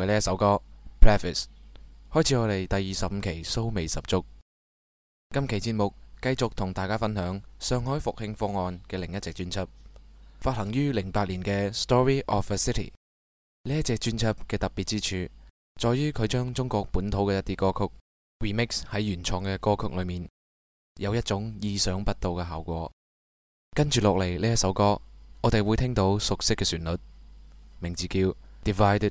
嘅呢一首歌。preface 開始，我哋第二十五期，蘇味十足。今期節目繼續同大家分享上海復興方案嘅另一隻專輯，發行於零八年嘅《Story of a City》。呢一隻專輯嘅特別之處在於佢將中國本土嘅一啲歌曲 remix 喺原創嘅歌曲裏面，有一種意想不到嘅效果。跟住落嚟呢一首歌，我哋會聽到熟悉嘅旋律，名字叫《Divided》。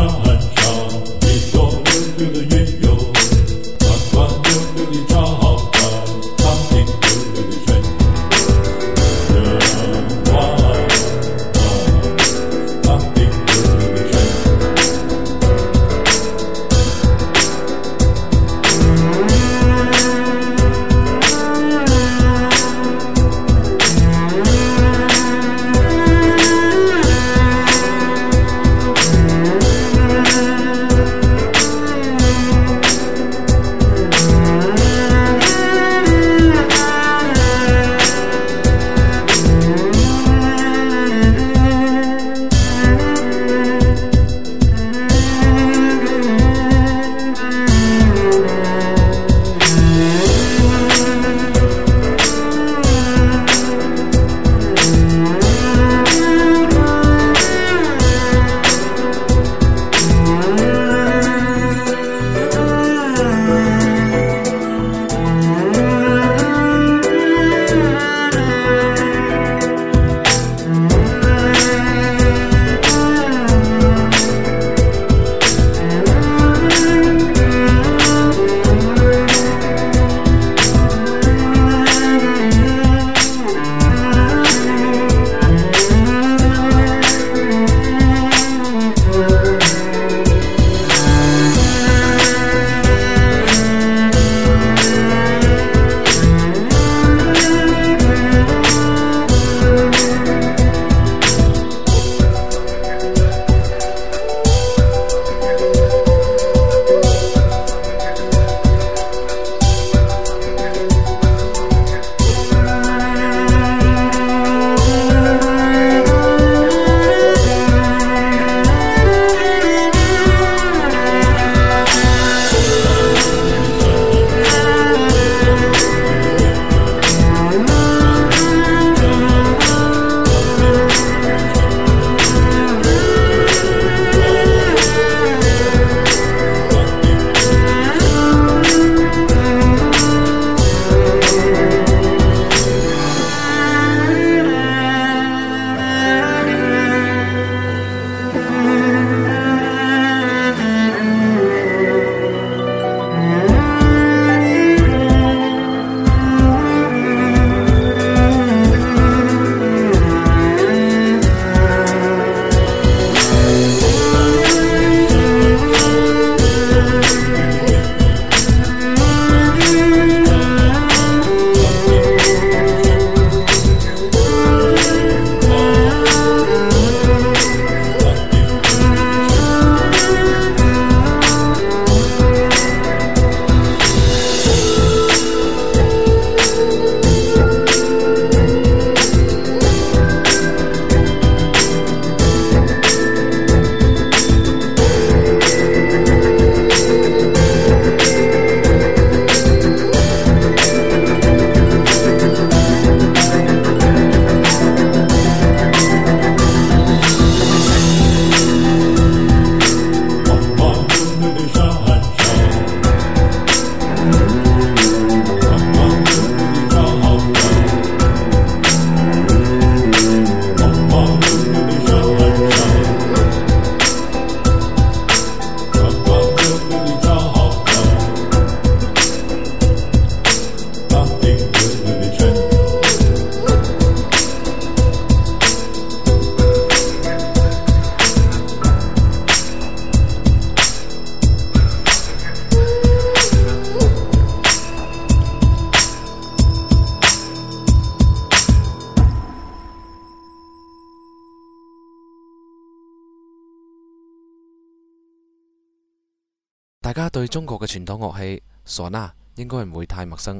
大家對中國嘅傳統樂器嗩吶應該唔會太陌生。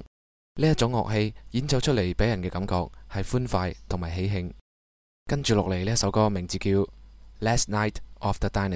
呢一種樂器演奏出嚟俾人嘅感覺係歡快同埋喜慶。跟住落嚟呢一首歌，名字叫《Last Night of the Dynasty》。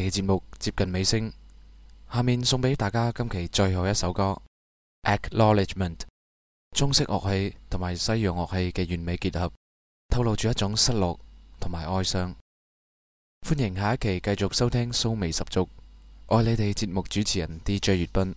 嘅節目接近尾聲，下面送俾大家今期最後一首歌《Acknowledgement》，中式樂器同埋西洋樂器嘅完美結合，透露住一種失落同埋哀傷。歡迎下一期繼續收聽，蘇眉十足，愛你哋節目主持人 DJ 月斌。